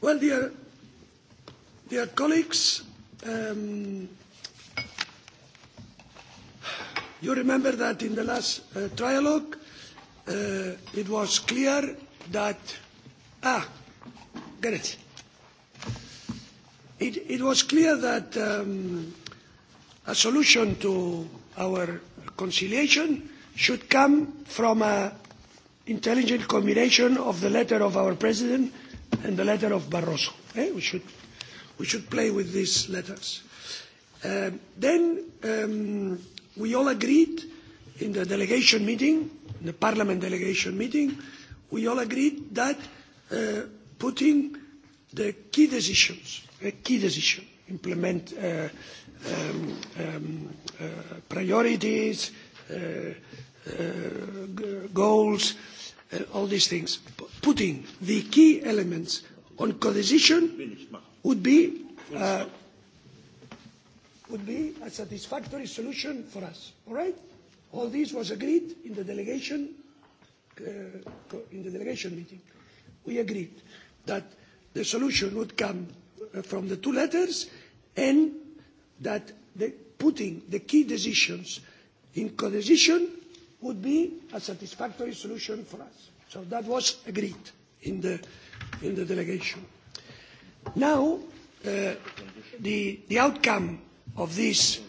Well, dear, dear colleagues, um, you remember that in the last uh, trialogue, uh, it was clear that ah, get it. It, it was clear that um, a solution to our conciliation should come from a intelligent combination of the letter of our president and the letter of barroso. Eh? We, should, we should play with these letters. Um, then um, we all agreed in the delegation meeting, in the parliament delegation meeting, we all agreed that uh, putting the key decisions, a key decision, implement uh, um, um, uh, priorities, uh, Uh, goals, uh, all these things. Putting the key elements on codecision would be uh, would be a satisfactory solution for us. All right? All this was agreed in the delegation uh, in the delegation meeting. We agreed that the solution would come from the two letters and that the, putting the key decisions in codecision would be a satisfactory solution for us. so that was agreed in the, in the delegation. now uh, the, the outcome of this,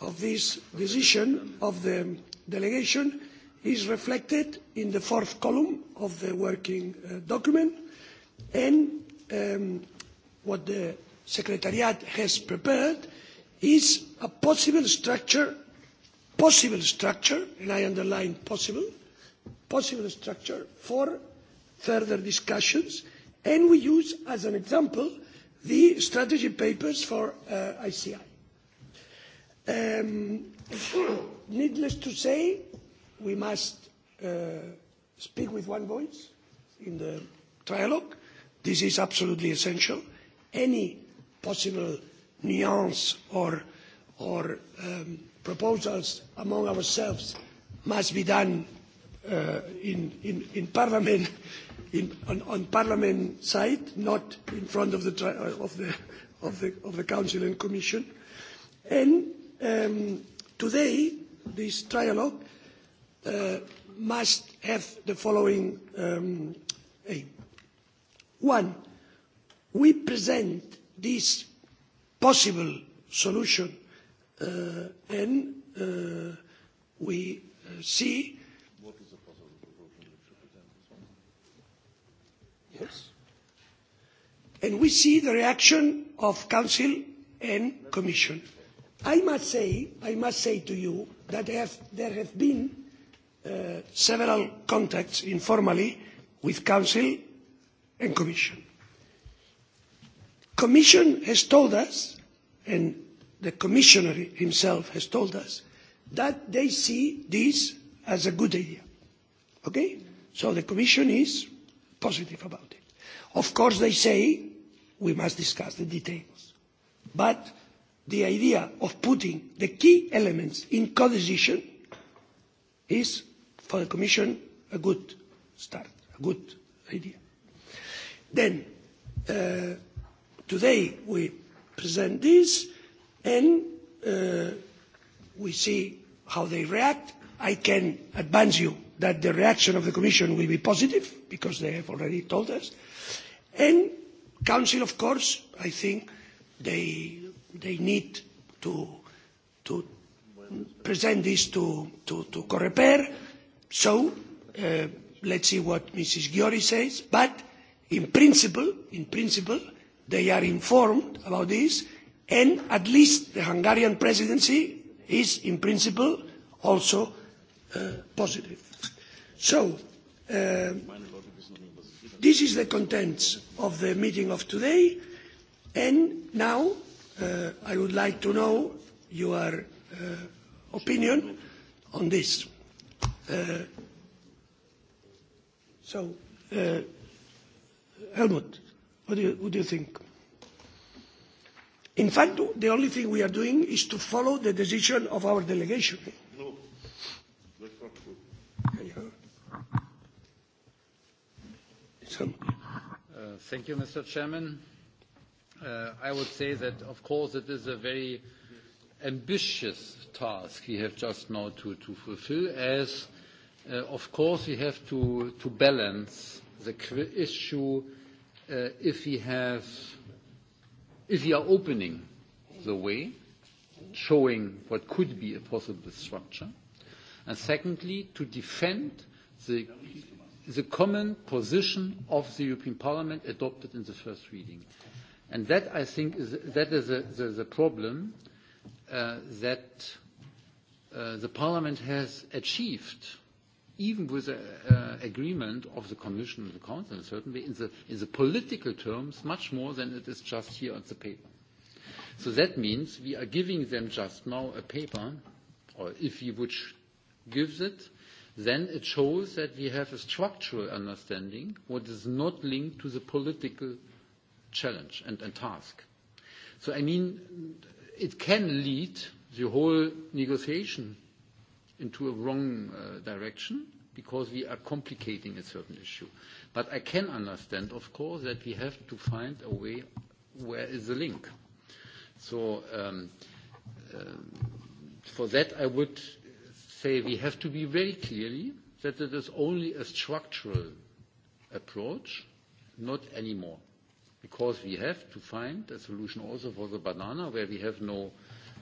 of this decision of the delegation is reflected in the fourth column of the working uh, document and um, what the secretariat has prepared is a possible structure possible structure and i underline possible possible structure for further discussions and we use as an example the strategy papers for uh, ici. Um, needless to say we must uh, speak with one voice in the trialogue. this is absolutely essential. any possible nuance or, or um, proposals among ourselves must be done uh, in, in, in Parliament, in, on, on Parliament side, not in front of the, uh, of the, of the, of the Council and Commission. And um, today, this trialogue uh, must have the following um, aim. One, we present this possible solution and uh, uh, we see what is the Yes. And we see the reaction of Council and Commission. I must say, I must say to you that there have, there have been uh, several contacts informally with Council and Commission. Commission has told us, and the commissioner himself has told us that they see this as a good idea. Okay? So the commission is positive about it. Of course, they say we must discuss the details. But the idea of putting the key elements in codecision is, for the Commission, a good start, a good idea. Then, uh, today we present this and uh, we see how they react. I can advance you that the reaction of the Commission will be positive because they have already told us. And Council, of course, I think they, they need to, to present this to, to, to Correper. So uh, let's see what Mrs. Giori says. But in principle, in principle, they are informed about this and at least the hungarian presidency is in principle also uh, positive. so uh, this is the contents of the meeting of today and now uh, i would like to know your opinion on this. so helmut what do you, what do you think? in fact the only thing we are doing is to follow the decision of our delegation. No, uh, thank you, Mr. Chairman. Uh, I would say that, of course, it is a very ambitious task we have just now to, to fulfill, as, uh, of course, we have to, to balance the issue uh, if we have if you are opening the way, showing what could be a possible structure, and secondly, to defend the, the common position of the European Parliament adopted in the first reading. And that, I think, is, that is a, the, the problem uh, that uh, the Parliament has achieved even with the uh, uh, agreement of the Commission and the Council, certainly in the, in the political terms, much more than it is just here on the paper. So that means we are giving them just now a paper, or if we would give it, then it shows that we have a structural understanding what is not linked to the political challenge and, and task. So I mean, it can lead the whole negotiation into a wrong uh, direction because we are complicating a certain issue. But I can understand, of course, that we have to find a way where is the link. So um, um, for that, I would say we have to be very clearly that it is only a structural approach, not anymore. Because we have to find a solution also for the banana, where we have no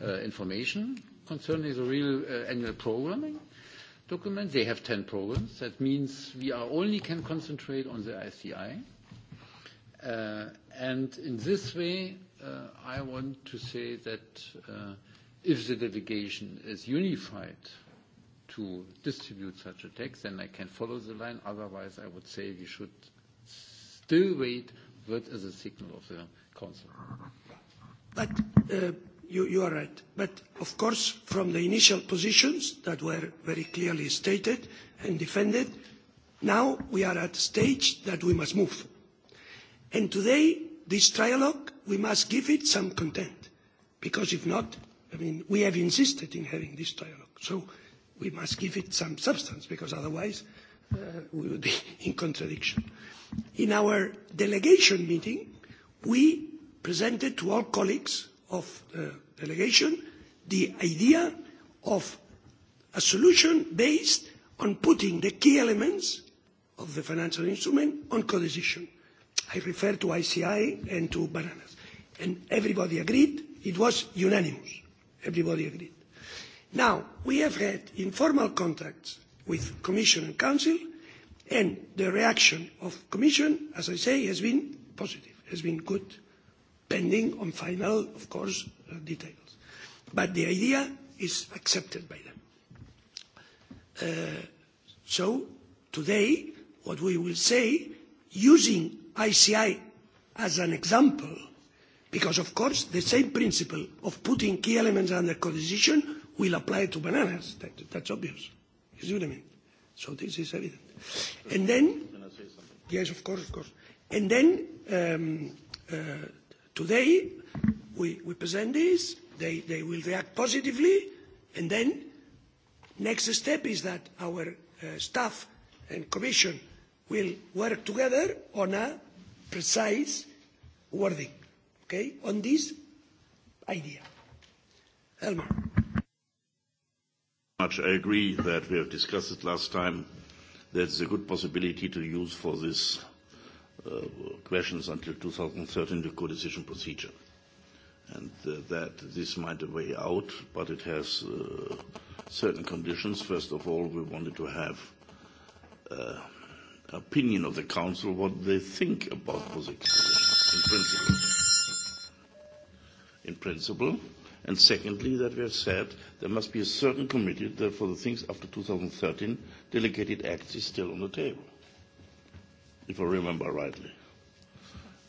uh, information, concerning the real uh, annual programming document. They have 10 programs. That means we are only can concentrate on the ICI. Uh, and in this way, uh, I want to say that uh, if the delegation is unified to distribute such a text, then I can follow the line. Otherwise, I would say we should still wait. what is a signal of the Council. But, uh, You, are right. But of course, from the initial positions that were very clearly stated and defended, now we are at a stage that we must move. And today, this trialogue, we must give it some content, because if not, I mean, we have insisted in having this dialogue, so we must give it some substance, because otherwise uh, we would be in contradiction. In our delegation meeting, we presented to all colleagues of the delegation the idea of a solution based on putting the key elements of the financial instrument on codecision. I refer to ICI and to bananas. And everybody agreed. It was unanimous. Everybody agreed. Now, we have had informal contacts with Commission and Council, and the reaction of Commission, as I say, has been positive, has been good pending on final, of course, uh, details. But the idea is accepted by them. Uh, so today, what we will say, using ICI as an example, because of course the same principle of putting key elements under codecision will apply to bananas. That, that's obvious. You see what I mean? So this is evident. And then, yes, of course, of course. And then um, uh, today we, present this they, will react positively and then the next step is that our uh, staff and commission will work together on a precise wording okay, on this idea. Helmut. Much. I agree that we have discussed it last time. There's a good possibility to use for this Uh, questions until 2013, the co-decision procedure. And uh, that this might be a way out, but it has uh, certain conditions. First of all, we wanted to have uh, opinion of the Council, what they think about position in principle. In principle. And secondly, that we have said there must be a certain committee that for the things after 2013, delegated acts is still on the table if I remember rightly.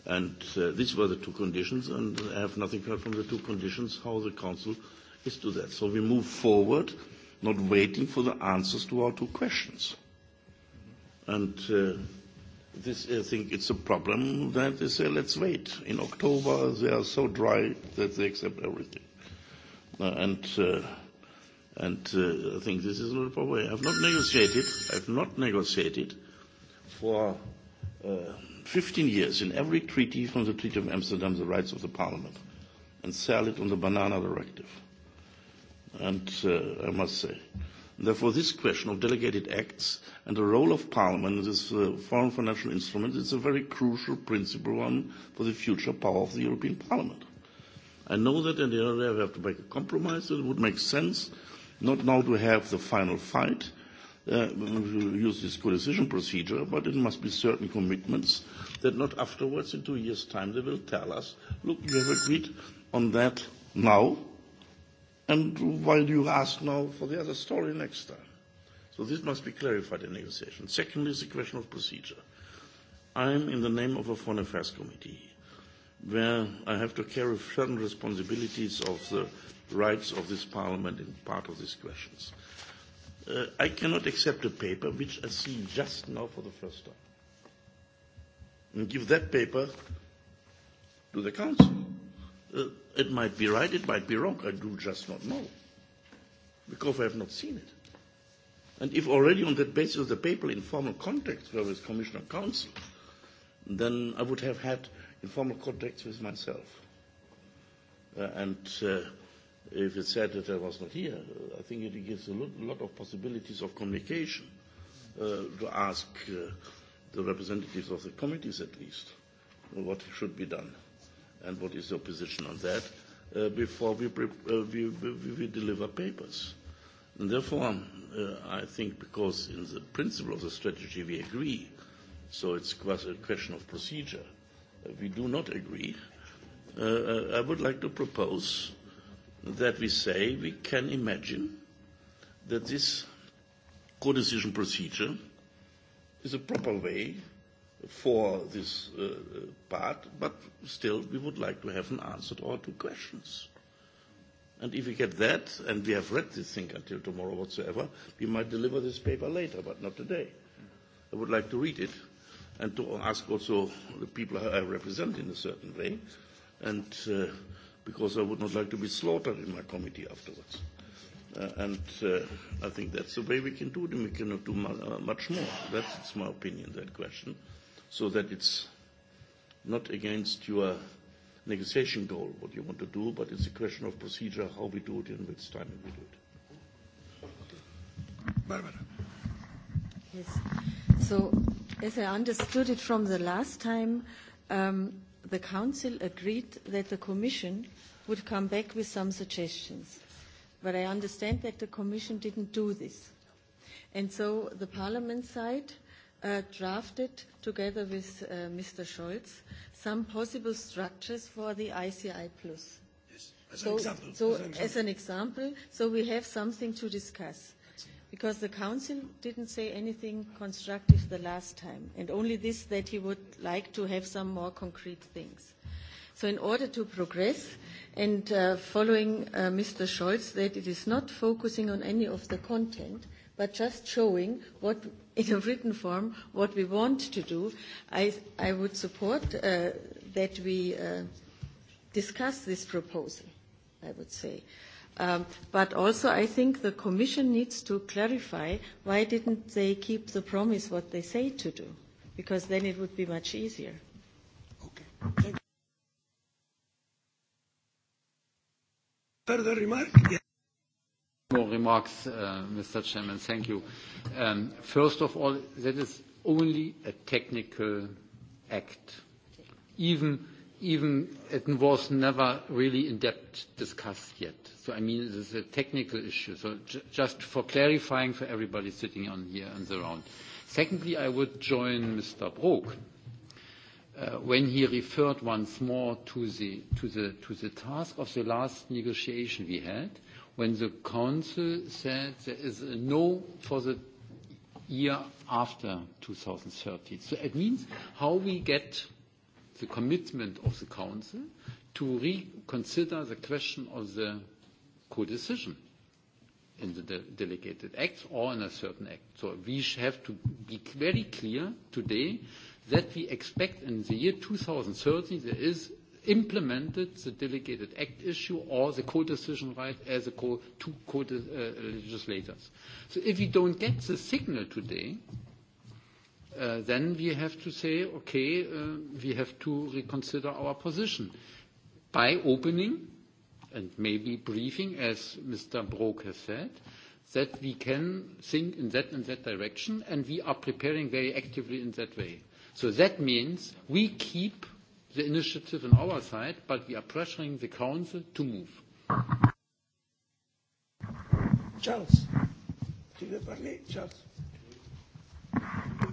And uh, these were the two conditions, and I have nothing heard from the two conditions how the Council is to that. So we move forward, not waiting for the answers to our two questions. And uh, this, I think it's a problem that they say, let's wait. In October, they are so dry that they accept everything. Uh, and uh, and uh, I think this is not a problem. I have not negotiated. I have not negotiated for 15 uh, years in every treaty from the Treaty of Amsterdam, the rights of the Parliament, and sell it on the banana directive. And uh, I must say, therefore, this question of delegated acts and the role of Parliament in this uh, foreign financial instrument is a very crucial principle one for the future power of the European Parliament. I know that in the other day we have to make a compromise that it would make sense not now to have the final fight, Uh, use this co-decision procedure, but it must be certain commitments that not afterwards, in two years' time, they will tell us, look, you have agreed on that now, and why do you ask now for the other story next time? So this must be clarified in negotiation. Secondly, is the question of procedure. I am in the name of a Foreign Affairs Committee, where I have to carry certain responsibilities of the rights of this Parliament in part of these questions uh, I cannot accept a paper which I see just now for the first time and give that paper to the council. Uh, it might be right, it might be wrong. I do just not know because I have not seen it. And if already on that basis of the paper informal contacts were with Commissioner Council, then I would have had informal contacts with myself. Uh, and uh, if it said that I was not here. I think it gives a lot of possibilities of communication uh, to ask uh, the representatives of the committees at least what should be done and what is your position on that uh, before we, pre- uh, we, we, we deliver papers. And therefore, um, uh, I think because in the principle of the strategy we agree, so it's quite a question of procedure. Uh, we do not agree. Uh, uh I would like to propose that we say we can imagine that this co-decision procedure is a proper way for this uh, uh, part, but still we would like to have an answer to our two questions. And if we get that, and we have read this thing until tomorrow whatsoever, we might deliver this paper later, but not today. I would like to read it and to ask also the people I represent in a certain way. And uh, because I would not like to be slaughtered in my committee afterwards. Uh, and uh, I think that's the way we can do and We cannot do uh, much more. That's it's my opinion, that question, so that it's not against your negotiation goal, what you want to do, but it's a question of procedure, how we do it and which time we do it. Barbara. Yes. So as I understood it from the last time, um, the Council agreed that the Commission would come back with some suggestions. But I understand that the Commission didn't do this. And so the Parliament side uh, drafted, together with uh, Mr. Scholz, some possible structures for the ICI Plus. Yes, as so, an example. So as an example. as an example, so we have something to discuss because the Council didn't say anything constructive the last time, and only this that he would like to have some more concrete things. So in order to progress, and uh, following uh, Mr. Scholz, that it is not focusing on any of the content, but just showing what, in a written form, what we want to do, I, I would support uh, that we uh, discuss this proposal, I would say. Uh, Um, but also, I think the Commission needs to clarify why didn't they keep the promise what they say to do, because then it would be much easier. Okay. Further remark? Yeah. More remarks, uh, Mr. Chairman. Thank you. Um, first of all, that is only a technical act. Even, even it was never really in depth discussed yet So I mean, this is a technical issue. So j just for clarifying for everybody sitting on here and the round. Secondly, I would join Mr. Brok uh, when he referred once more to the, to, the, to the task of the last negotiation we had, when the council said there is a no for the year after 2030. So it means how we get the commitment of the council to reconsider the question of the co-decision in the de delegated acts or in a certain act. So we have to be very clear today that we expect in the year 2030 there is implemented the delegated act issue or the co-decision right as a co two co-legislators. Uh, So if we don't get the signal today, uh, then we have to say, okay, uh, we have to reconsider our position by opening and maybe briefing, as Mr. Brok has said, that we can think in that and that direction, and we are preparing very actively in that way. So That means we keep the initiative on our side, but we are pressuring the council to move. Charles, Charles.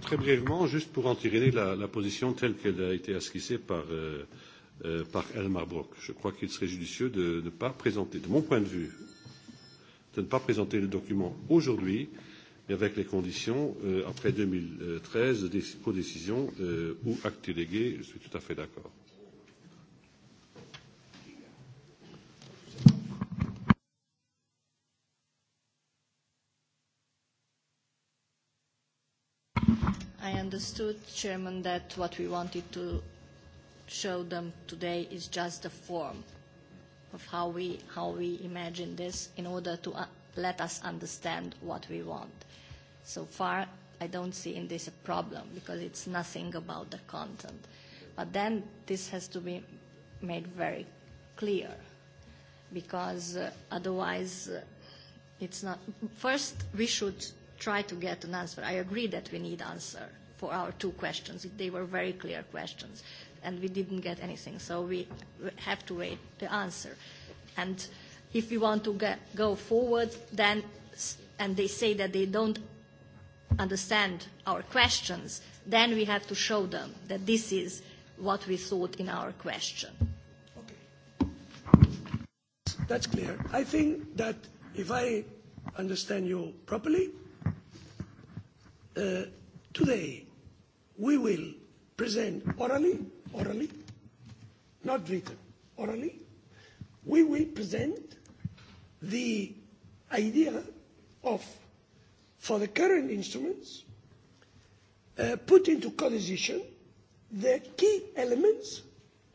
Très brièvement, juste pour en tirer la, position telle qu'elle a été esquissée par euh, Euh, par Elmar Brok. Je crois qu'il serait judicieux de ne pas présenter, de mon point de vue, de ne pas présenter le document aujourd'hui, mais avec les conditions euh, après 2013 de décision euh, ou acte délégué. Je suis tout à fait d'accord. understood, Chairman, that what we wanted to Show them today is just a form of how we, how we imagine this in order to uh, let us understand what we want. So far, I don't see in this a problem because it's nothing about the content. But then this has to be made very clear because uh, otherwise uh, it's not. First, we should try to get an answer. I agree that we need answer for our two questions. They were very clear questions and we didn't get anything. So we have to wait the answer. And if we want to get, go forward, then, and they say that they don't understand our questions, then we have to show them that this is what we thought in our question. Okay. That's clear. I think that if I understand you properly, uh, today we will present orally orally, not written, orally, we will present the idea of, for the current instruments, uh, put into codecision the key elements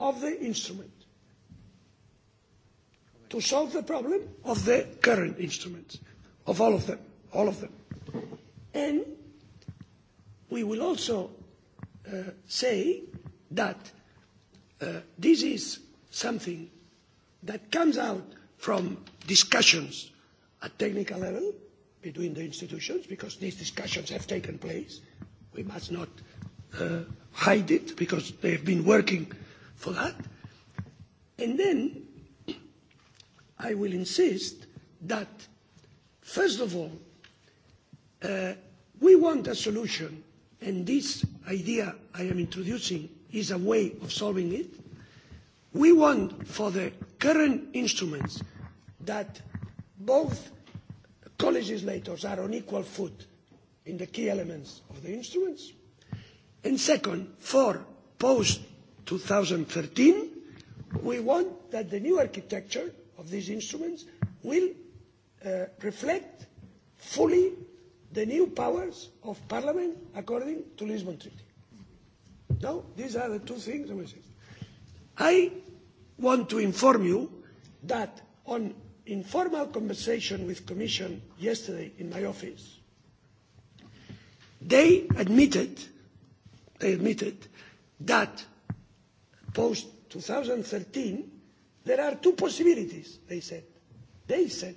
of the instrument to solve the problem of the current instruments, of all of them, all of them. And we will also uh, say that uh, this is something that comes out from discussions at technical level between the institutions, because these discussions have taken place. We must not uh, hide it, because they have been working for that. And then I will insist that, first of all, uh, we want a solution, and this idea I am introducing is a way of solving it. We want for the current instruments that both co-legislators are on equal foot in the key elements of the instruments. And second, for post-2013, we want that the new architecture of these instruments will uh, reflect fully the new powers of Parliament according to the Lisbon Treaty. No, these are the two things. I want to inform you that on informal conversation with Commission yesterday in my office, they admitted, they admitted that post 2013 there are two possibilities, they said. They said,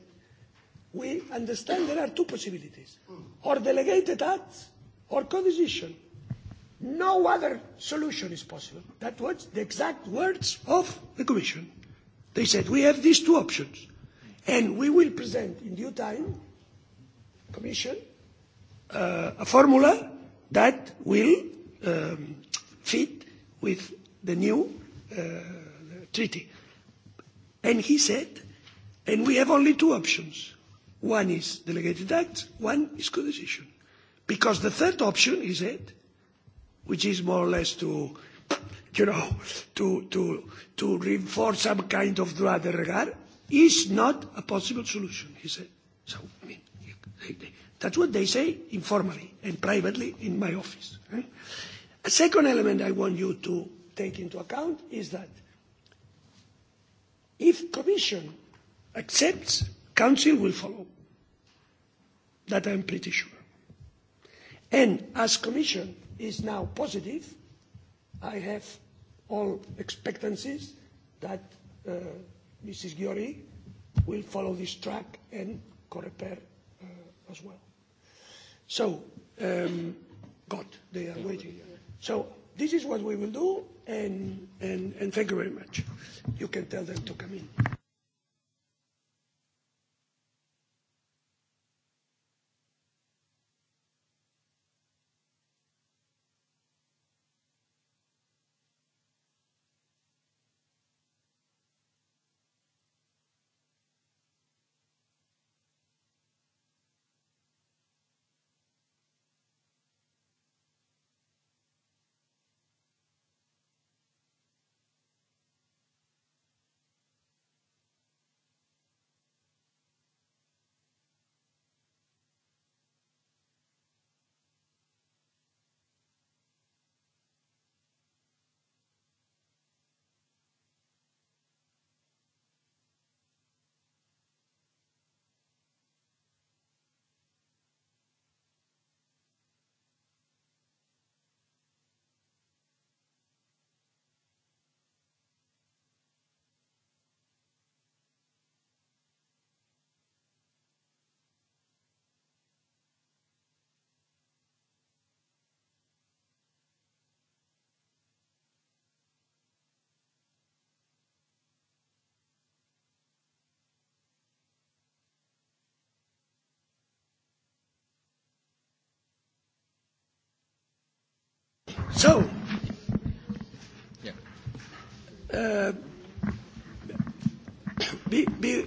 we understand there are two possibilities, or delegated acts or co-decision No other solution is possible. That was the exact words of the Commission. They said, we have these two options, and we will present in due time, Commission, uh, a formula that will um, fit with the new uh, treaty. And he said, and we have only two options. One is delegated acts, one is co-decision, Because the third option, he said, which is more or less to, you know, to, to, to reinforce some kind of droit de regard, is not a possible solution, he said. So, I mean, that's what they say informally and privately in my office. Right? Eh? A second element I want you to take into account is that if Commission accepts, Council will follow. That I'm pretty sure. And as Commission, is now positive. I have all expectancies that uh, Mrs. Giori will follow this track and Coreper uh, as well. So, um, God, they are waiting. So this is what we will do, and, and, and thank you very much. You can tell them to come in. So, yeah. uh, be, be,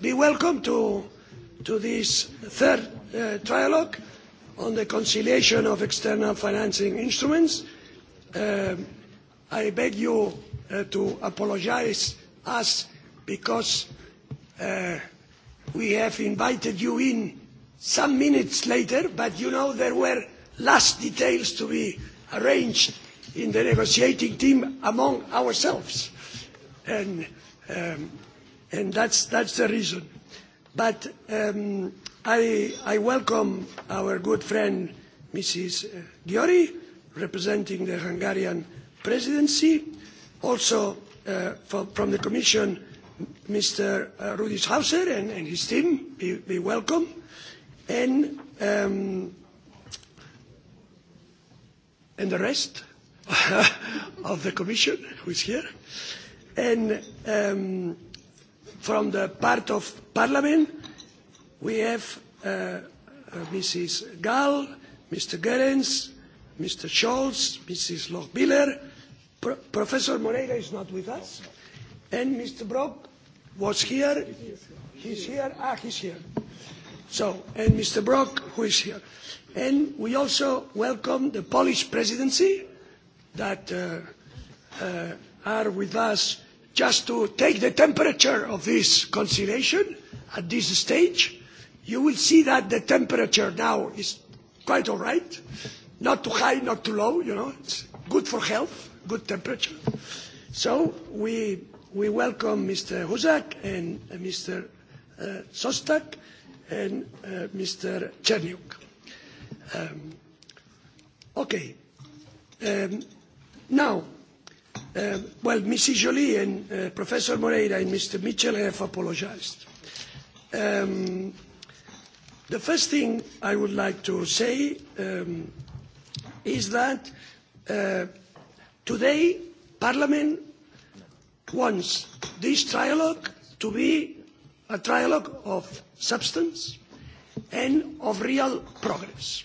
be welcome to, to this third uh, trialogue on the conciliation of external financing instruments. Uh, I beg you uh, to apologise us because uh, we have invited you in some minutes later, but you know there were last details to be Arranged in the negotiating team among ourselves. And, um, and that's, that's the reason. But um, I, I welcome our good friend Mrs. Uh, Giori, representing the Hungarian presidency. Also uh, for, from the Commission, Mr. Uh, Rudis Hauser and, and his team, be, be welcome. And um, and the rest of the Commission, who is here, and um, from the part of Parliament, we have uh, uh, Mrs. Gall, Mr. Goerens, Mr. Scholz, Mrs. Lochbihler, Pro Professor Moreira is not with us, and Mr. Brok was here. He's here. Ah, he's here. So, and Mr. Brok, who is here. And we also welcome the Polish presidency that uh, uh, are with us just to take the temperature of this conciliation at this stage. You will see that the temperature now is quite all right, not too high, not too low, you know, it's good for health, good temperature. So we, we welcome Mr. Huzak and Mr. Uh, Sostak and uh, Mr. Cherniuk. Um, okay. Um, now, uh, well, Mrs. Jolie and uh, Professor Moreira and Mr. Mitchell have apologized. Um, the first thing I would like to say um, is that uh, today Parliament wants this trialogue to be a trilogue of substance and of real progress.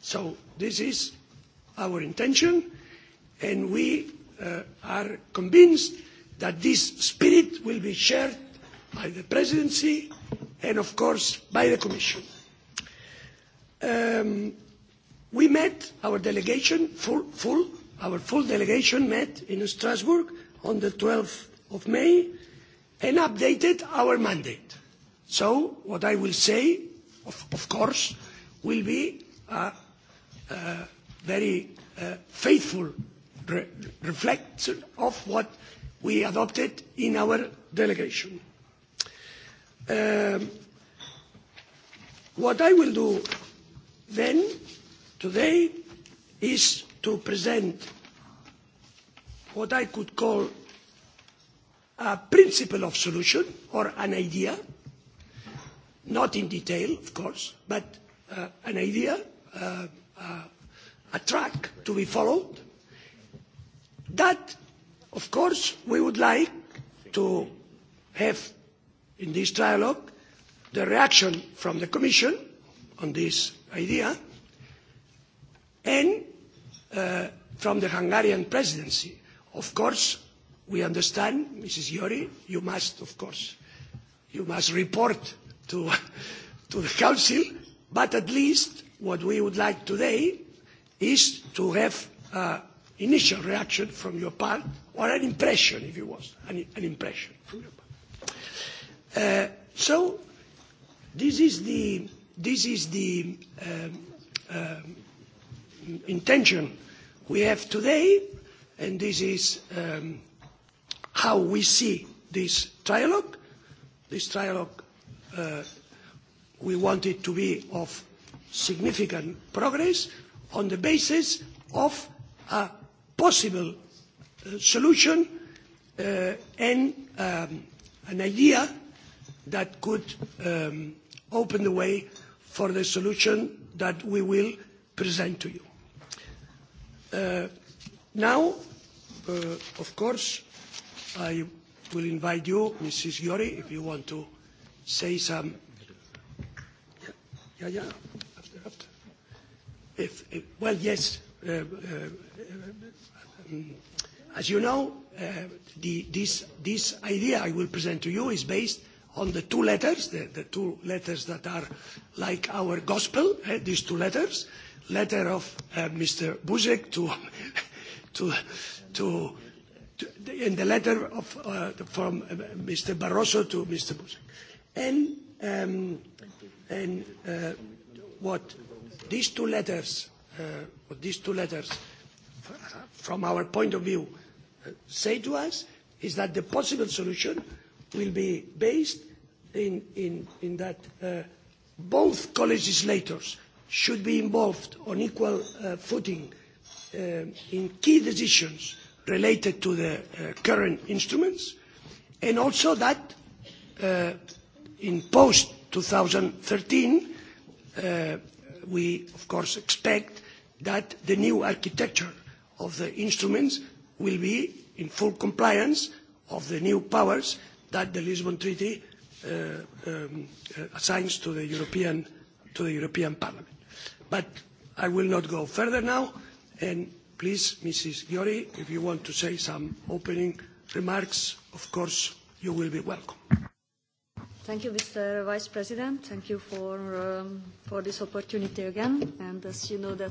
so this is our intention and we uh, are convinced that this spirit will be shared by the presidency and of course by the commission. Um, we met our delegation full, full our full delegation met in strasbourg on twelve may and updated our mandate. So what I will say, of, of course, will be a, uh, a uh, very uh, faithful re reflection of what we adopted in our delegation. Um, what I will do then today is to present what I could call a principle of solution or an idea, not in detail, of course, but uh, an idea, uh, uh, a track to be followed. That, of course, we would like to have in this dialogue the reaction from the Commission on this idea and uh, from the Hungarian presidency. Of course, we understand, Mrs. Yori, you must, of course, you must report to, to the Council, but at least what we would like today is to have uh, initial reaction from your part, or an impression, if you want, an, an impression from your part. Uh, so, this is the, this is the um, um, intention we have today, and this is um, how we see this trilogue. This trilogue, uh, we want it to be of significant progress on the basis of a possible uh, solution uh, and um, an idea that could um, open the way for the solution that we will present to you. Uh, now, uh, of course, I will invite you, Mrs. Giori, if you want to say some. Yeah, yeah. After, after. If, well, yes. Uh, uh, as you know, uh, the, this, this idea I will present to you is based on the two letters, the, the two letters that are like our gospel, eh, these two letters, letter of uh, Mr. Buzek to, to, to in the letter of, uh, from uh, Mr. Barroso to Mr. Buzek. And, um, and uh, what these two letters, uh, what these two letters, uh, from our point of view, uh, say to us is that the possible solution will be based in, in, in that uh, both co-legislators should be involved on equal uh, footing uh, in key decisions related to the uh, current instruments and also that uh, in post 2013 uh, we of course expect that the new architecture of the instruments will be in full compliance of the new powers that the Lisbon Treaty uh, um, uh, assigns to the, European, to the European Parliament. But I will not go further now and Please, Mrs. Giori, if you want to say some opening remarks, of course, you will be welcome. Thank you, Mr. Vice President. Thank you for, um, for this opportunity again. And as you know that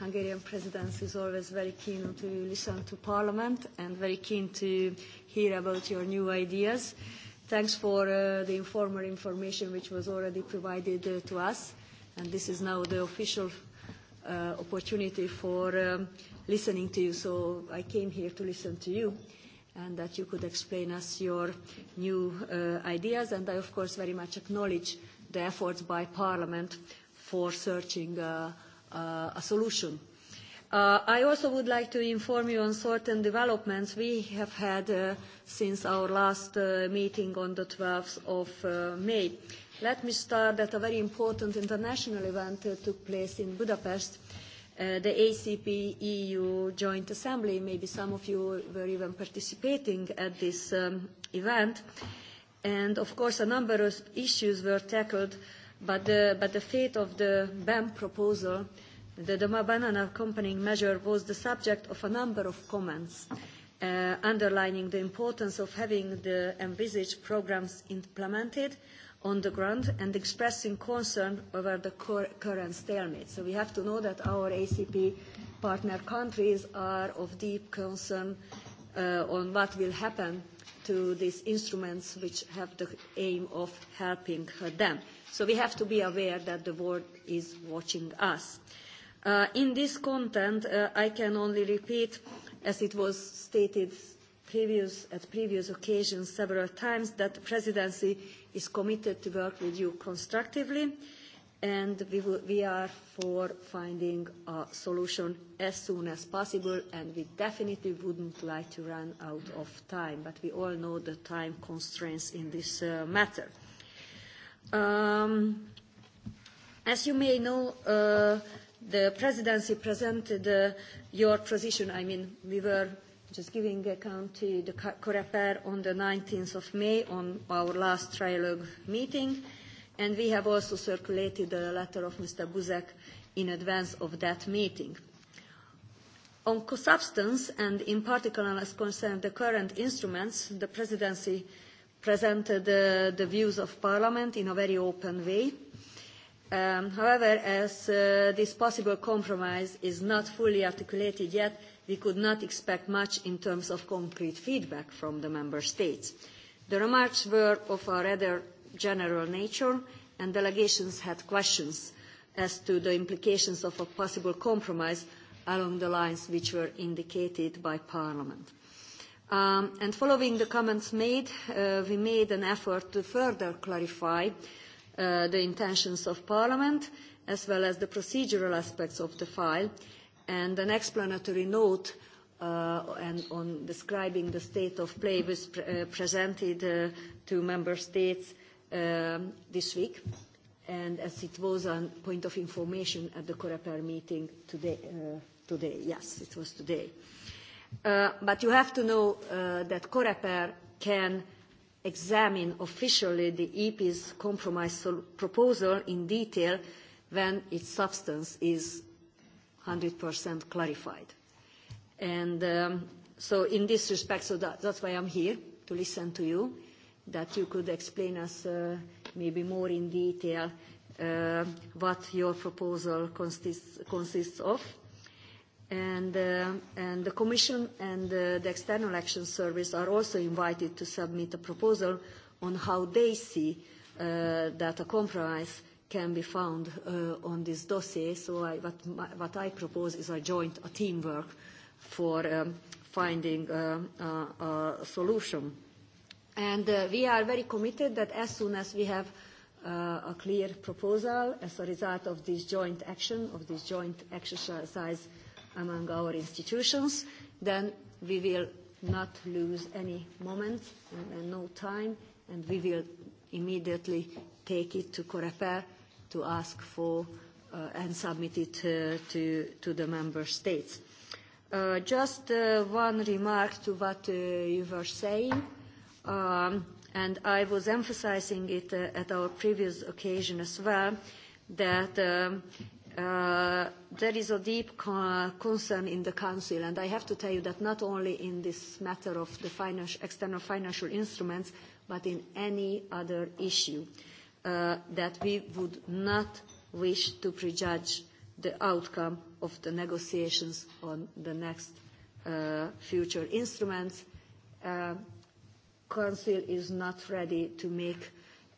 Hungarian presidency is always very keen to listen to Parliament and very keen to hear about your new ideas. Thanks for uh, the informal information which was already provided uh, to us. And this is now the official uh, opportunity for um, listening to you, so I came here to listen to you and that you could explain us your new uh, ideas. And I, of course, very much acknowledge the efforts by Parliament for searching uh, uh, a solution. Uh, I also would like to inform you on certain developments we have had uh, since our last uh, meeting on the 12th of uh, May. Let me start that a very important international event uh, took place in Budapest uh, Uh, the ACP EU Joint Assembly, maybe some of you were even participating at this um, event. And of course, a number of issues were tackled, but the, but the fate of the BAM proposal, the Doma Banana accompanying measure, was the subject of a number of comments. Uh, underlining the importance of having the envisaged programs implemented, on the ground and expressing concern over the current stalemate. So we have to know that our ACP partner countries are of deep concern uh, on what will happen to these instruments which have the aim of helping them. So we have to be aware that the world is watching us. Uh, in this content, uh, I can only repeat, as it was stated previous, at previous occasions several times, that the presidency is committed to work with you constructively, and we, will, we are for finding a solution as soon as possible, and we definitely wouldn't like to run out of time, but we all know the time constraints in this uh, matter. Um, as you may know, uh, the presidency presented uh, your position. I mean, we were just giving account to the Coreper on the 19th of May on our last trilogue meeting. And we have also circulated the letter of Mr. Buzek in advance of that meeting. On substance and in particular as concerns the current instruments, the presidency presented uh, the views of Parliament in a very open way. Um, however, as uh, this possible compromise is not fully articulated yet, we could not expect much in terms of concrete feedback from the member states. The remarks were of a rather general nature, and delegations had questions as to the implications of a possible compromise along the lines which were indicated by Parliament. Um, and following the comments made, uh, we made an effort to further clarify uh, the intentions of Parliament as well as the procedural aspects of the file and an explanatory note uh, and on describing the state of play was uh, presented uh, to member states um, this week, and as it was a point of information at the Coreper meeting today, uh, today, yes, it was today. Uh, but you have to know uh, that Coreper can examine officially the EP's compromise proposal in detail when its substance is 100% clarified. Um, so in this respect, that, that's why I'm here, to listen to you, that you could explain us uh, maybe more in detail uh, what your proposal consists, of. Uh, the Commission and the External Action Service are also invited to submit a proposal on how they see that a compromise can be found uh, on this dossier. So I, what, my, what I propose is a joint a teamwork for um, finding uh, uh, a solution. And uh, we are very committed that as soon as we have uh, a clear proposal as a result of this joint action, of this joint exercise among our institutions, then we will not lose any moment and, and no time, and we will immediately take it to Coreper to ask for uh, and submit it uh, to, to the member states. Uh, just uh, one remark to what uh, you were saying, um, and I was emphasizing it uh, at our previous occasion as well, that um, uh, there is a deep co concern in the Council, and I have to tell you that not only in this matter of the financial, external financial instruments, but in any other issue. Uh, Uh, that we would not wish to prejudge the outcome of the negotiations on the next uh, future instruments. Uh, Council is not ready to make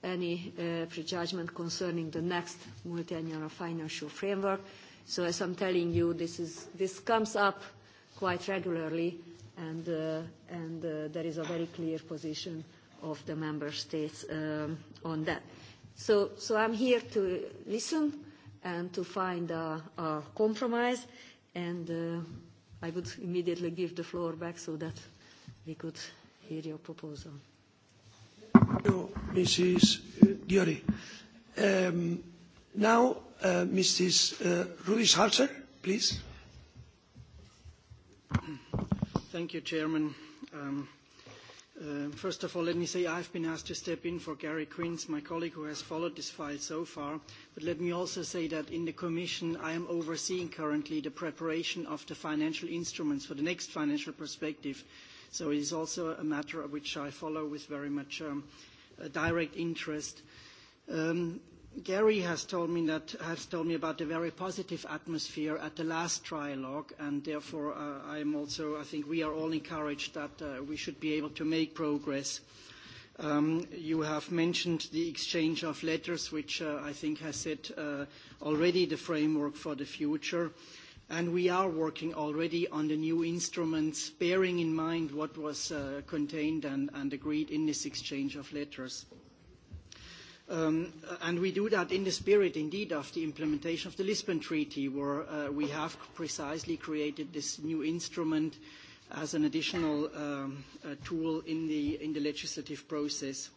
any uh, prejudgment concerning the next multiannual financial framework. So as I'm telling you, this, is, this comes up quite regularly, and, uh, and uh, there is a very clear position of the member states um, on that. So, so I'm here to listen and to find a, a compromise, and uh, I would immediately give the floor back so that we could hear your proposal. No, Mrs. Diori. Um, now, uh, Mrs. Uh, Rudis-Halser, please. Thank you, Chairman. Um, Um, first of all, let me say I've been asked to step in for Gary Quince, my colleague who has followed this file so far. But let me also say that in the Commission, I am overseeing currently the preparation of the financial instruments for the next financial perspective. So it is also a matter which I follow with very much um, direct interest. Um, Gary has told me that has told me about the very positive atmosphere at the last trialogue, and therefore uh, I am also I think we are all encouraged that uh, we should be able to make progress. Um, you have mentioned the exchange of letters, which uh, I think has set uh, already the framework for the future. And we are working already on the new instruments, bearing in mind what was uh, contained and, and agreed in this exchange of letters. Uh, Um, uh, and we do that in the spirit, indeed, of the implementation of the Lisbon Treaty, where uh, we have precisely created this new instrument as an additional um, uh, tool in the, in the legislative process.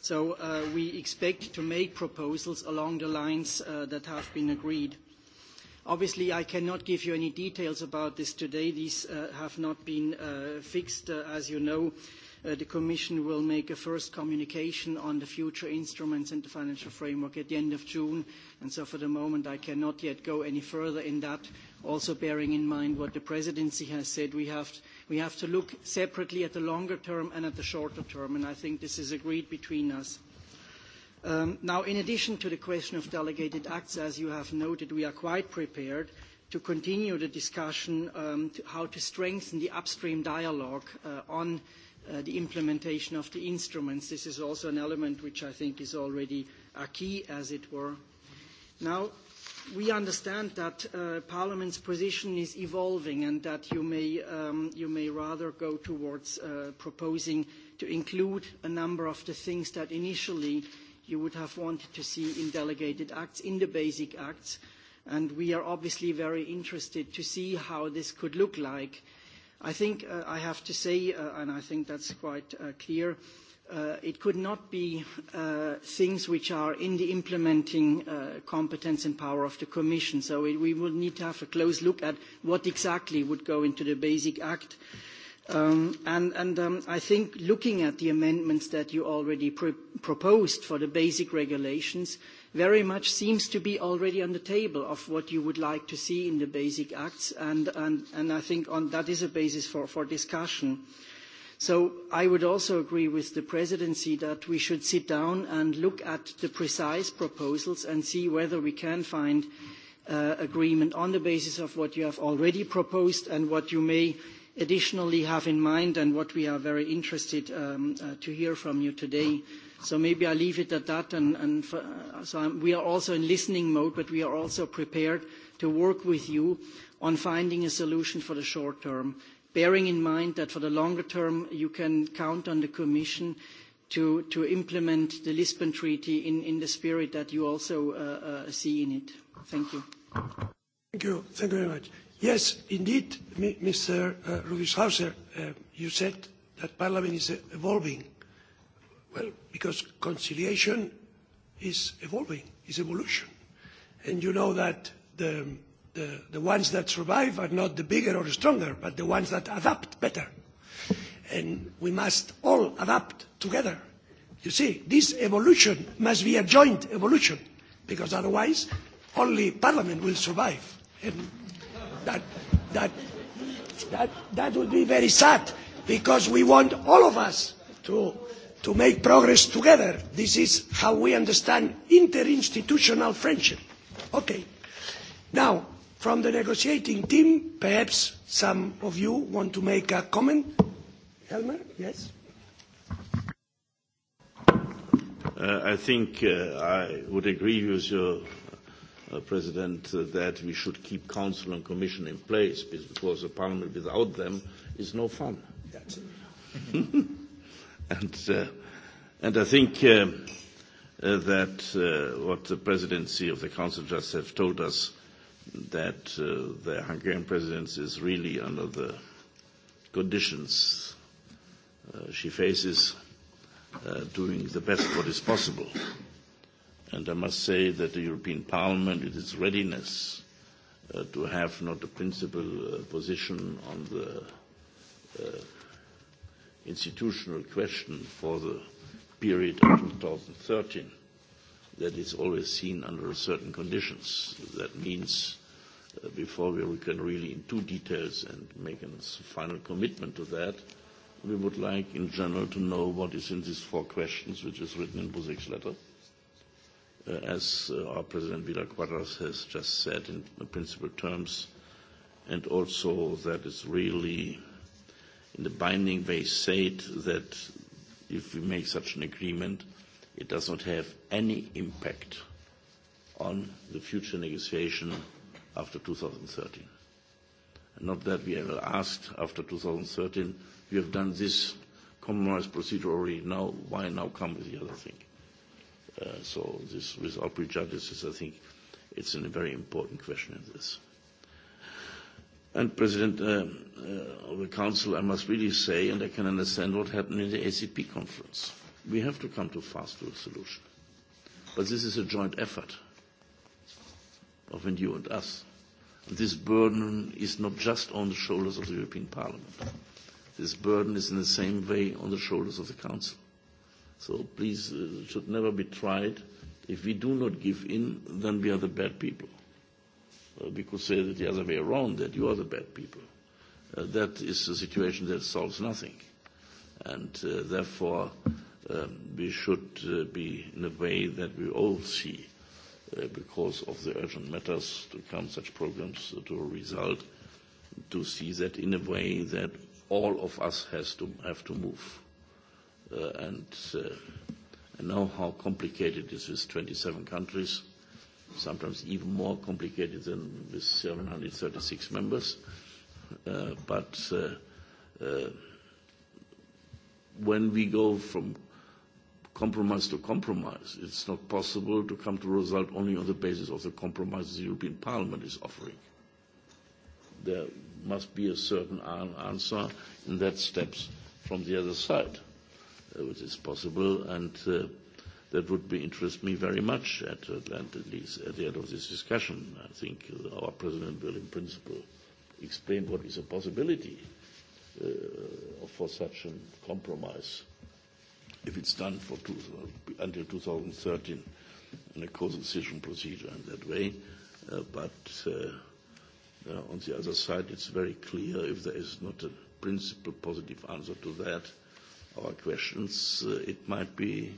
So uh, we expect to make proposals along the lines uh, that have been agreed. Obviously, I cannot give you any details about this today. These uh, have not been uh, fixed, as you know. Uh, the Commission will make a first communication on the future instruments in the financial framework at the end of June. And so for the moment, I cannot yet go any further in that. Also bearing in mind what the presidency has said, we have, to look separately at the longer term and at the shorter term. And I think this is agreed between us. Um, now, in addition to the question of delegated acts, as you have noted, we are quite prepared to continue the discussion um, how to strengthen the upstream dialogue uh, on Uh, the implementation of the instruments. This is also an element which I think is already a key, as it were. Now, we understand that uh, Parliament's position is evolving and that you may, um, you may rather go towards uh, proposing to include a number of the things that initially you would have wanted to see in delegated acts, in the basic acts. And we are obviously very interested to see how this could look like uh, I think uh, I have to say, uh, and I think that's quite uh, clear, uh, it could not be uh, things which are in the implementing uh, competence and power of the Commission. So it, we will need to have a close look at what exactly would go into the Basic Act. Um, and, and um, I think looking at the amendments that you already proposed for the basic regulations, uh, very much seems to be already on the table of what you would like to see in the basic acts, and, and, and I think on, that is a basis for, for discussion. So I would also agree with the presidency that we should sit down and look at the precise proposals and see whether we can find uh, agreement on the basis of what you have already proposed and what you may additionally have in mind and what we are very interested um, uh, to hear from you today. So maybe I leave it at that. And, and for, uh, so I'm, we are also in listening mode, but we are also prepared to work with you on finding a solution for the short term, bearing in mind that for the longer term, you can count on the Commission to, to implement the Lisbon Treaty in, in the spirit that you also uh, uh, see in it. Thank you. Thank you. Thank you very much. Yes, indeed, Mr. Uh, Rüdishauser, uh, you said that Parliament is evolving Well, because conciliation is evolving, is evolution. And you know that the, the, the ones that survive are not the bigger or the stronger, but the ones that adapt better. And we must all adapt together. You see, this evolution must be a joint evolution, because otherwise only Parliament will survive. And that, that, that, that would be very sad, because we want all of us to to make progress together. This is how we understand interinstitutional friendship. Okay. Now, from the negotiating team, perhaps some of you want to make a comment? Helmer, yes? Uh, I think uh, I would agree with you, uh, President, uh, that we should keep Council and Commission in place because a Parliament without them is no fun. That's it. And, uh, and I think uh, uh, that uh, what the presidency of the Council just have told us, that uh, the Hungarian presidency is really under the conditions uh, she faces, uh, doing the best what is possible. And I must say that the European Parliament, with its readiness uh, to have not a principal uh, position on the uh, institutional question for the period of 2013 that is always seen under certain conditions. That means uh, before we can really into details and make a final commitment to that, we would like in general to know what is in these four questions which is written in Buzik's letter. Uh, as uh, our President Vidal Quadras has just said in principal terms, and also that is really in a binding way said that if we make such an agreement, it does not have any impact on the future negotiation after 2013. not that we ever asked after 2013, we have done this compromise procedure already now, why now come with the other thing? Uh, so this, with our prejudices, I think it's a very important question in this. And President uh, uh, of the Council, I must really say, and I can understand what happened in the ACP conference. We have to come to fast to a solution. But this is a joint effort of you and us. And this burden is not just on the shoulders of the European Parliament. This burden is in the same way on the shoulders of the Council. So please, uh, it should never be tried. If we do not give in, then we are the bad people. Uh, we could say that the other way around, that you are the bad people. Uh, that is a situation that solves nothing. And uh, therefore, um, we should uh, be in a way that we all see, uh, because of the urgent matters to come, such programs uh, to result, to see that in a way that all of us has to have to move. Uh, and, uh, and now how complicated it is with 27 countries sometimes even more complicated than with 736 members. Uh, but uh, uh, when we go from compromise to compromise, it's not possible to come to a result only on the basis of the compromises the European Parliament is offering. There must be a certain answer in that steps from the other side, uh, which is possible. And uh, that would be interest me very much at, uh, at least at the end of this discussion. I think our president will, in principle, explain what is a possibility uh, for such a compromise if it's done for two, uh, until 2013 in a co-decision procedure in that way. Uh, but uh, uh, on the other side, it's very clear if there is not a principal positive answer to that, our questions, uh, it might be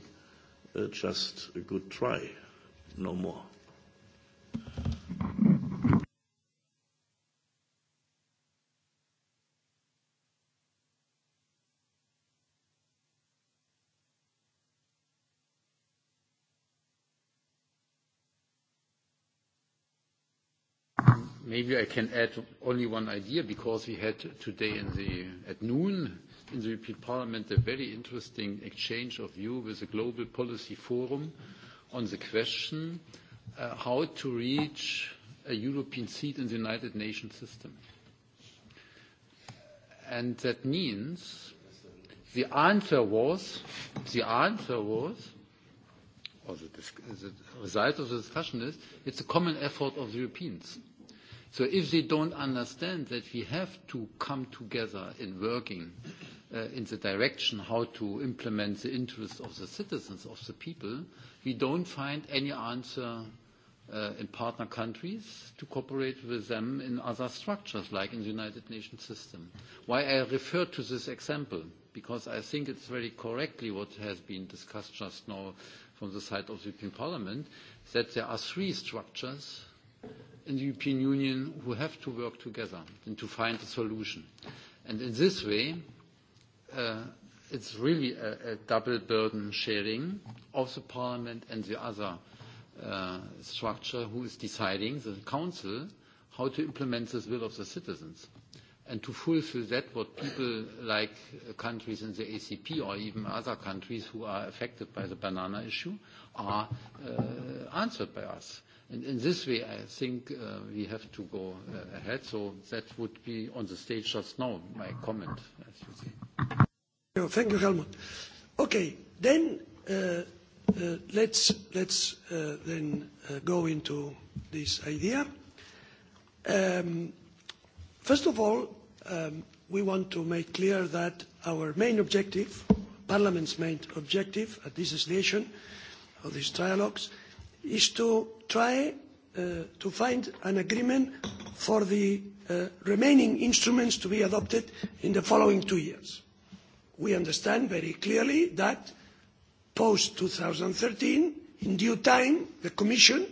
Uh, just a good try, no more. Maybe I can add only one idea because we had today in the, at noon in the European Parliament a very interesting exchange of view with the Global Policy Forum on the question uh, how to reach a European seat in the United Nations system. And that means the answer was, the answer was, or the, the result of the discussion is, it's a common effort of the Europeans. So if they don't understand that we have to come together in working Uh, in the direction how to implement the interests of the citizens, of the people, we don't find any answer Uh, in partner countries to cooperate with them in other structures like in the United Nations system. Why I refer to this example, because I think it's very correctly what has been discussed just now from the side of the European Parliament, that there are three structures in the European Union who have to work together and to find a solution. And in this way, uh, it's really a, a double burden sharing of the parliament and the other uh, structure who is deciding, the council, how to implement this will of the citizens. And to fulfill that, what people like countries in the ACP or even other countries who are affected by the banana issue are uh, answered by us in this way, I think uh, we have to go uh, ahead. that would be on the stage just now, my comment, as you see. No, oh, thank you, Helmut. Okay, then uh, let's, then go into this idea. Um, first of all, um, we want to make clear that our main objective, Parliament's main objective at this legislation, of these trialogues, is to try uh, to find an agreement for the uh, remaining instruments to be adopted in the following two years. We understand very clearly that post 2013, in due time, the Commission,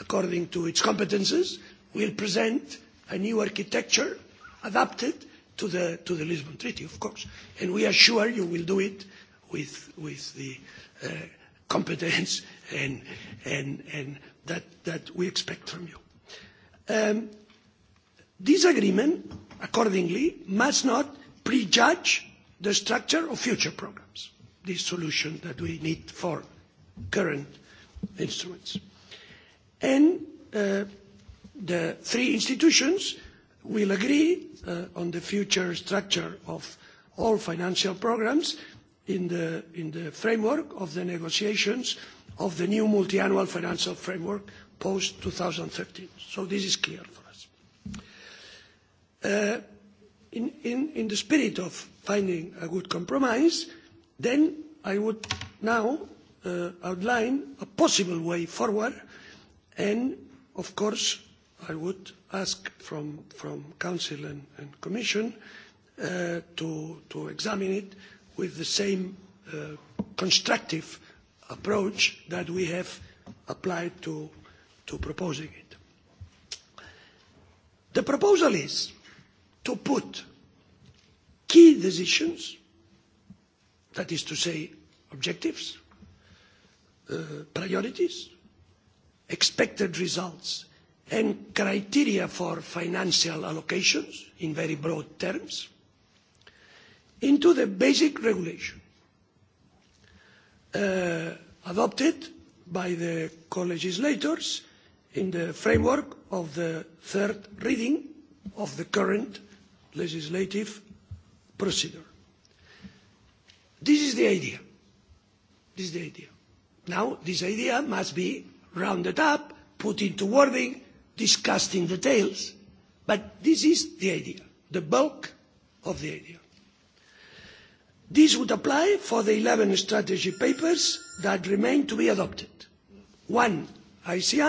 according to its competences, will present a new architecture adapted to the, to the Lisbon Treaty, of course. And we are sure you will do it with, with the uh, competence and, and, and that, that we expect from you. Um, this agreement, accordingly, must not prejudge the structure of future programmes, the solution that we need for current instruments. And uh, the three institutions will agree uh, on the future structure of all financial programmes in the, in the framework of the negotiations of the new multiannual financial framework post two thousand and thirteen so this is clear for us. Uh, in, in, in the spirit of finding a good compromise then i would now uh, outline a possible way forward and of course i would ask from, from council and, and commission uh, to, to examine it with the same uh, constructive approach that we have applied to, to proposing it. The proposal is to put key decisions, that is to say, objectives, uh, priorities, expected results, and criteria for financial allocations in very broad terms, into the basic regulation uh, adopted by the co-legislators in the framework of the third reading of the current legislative procedure. This is the idea. This is the idea. Now, this idea must be rounded up, put into wording, discussed in details, but this is the idea, the bulk of the idea this would apply for the eleven strategy papers that remain to be adopted one ici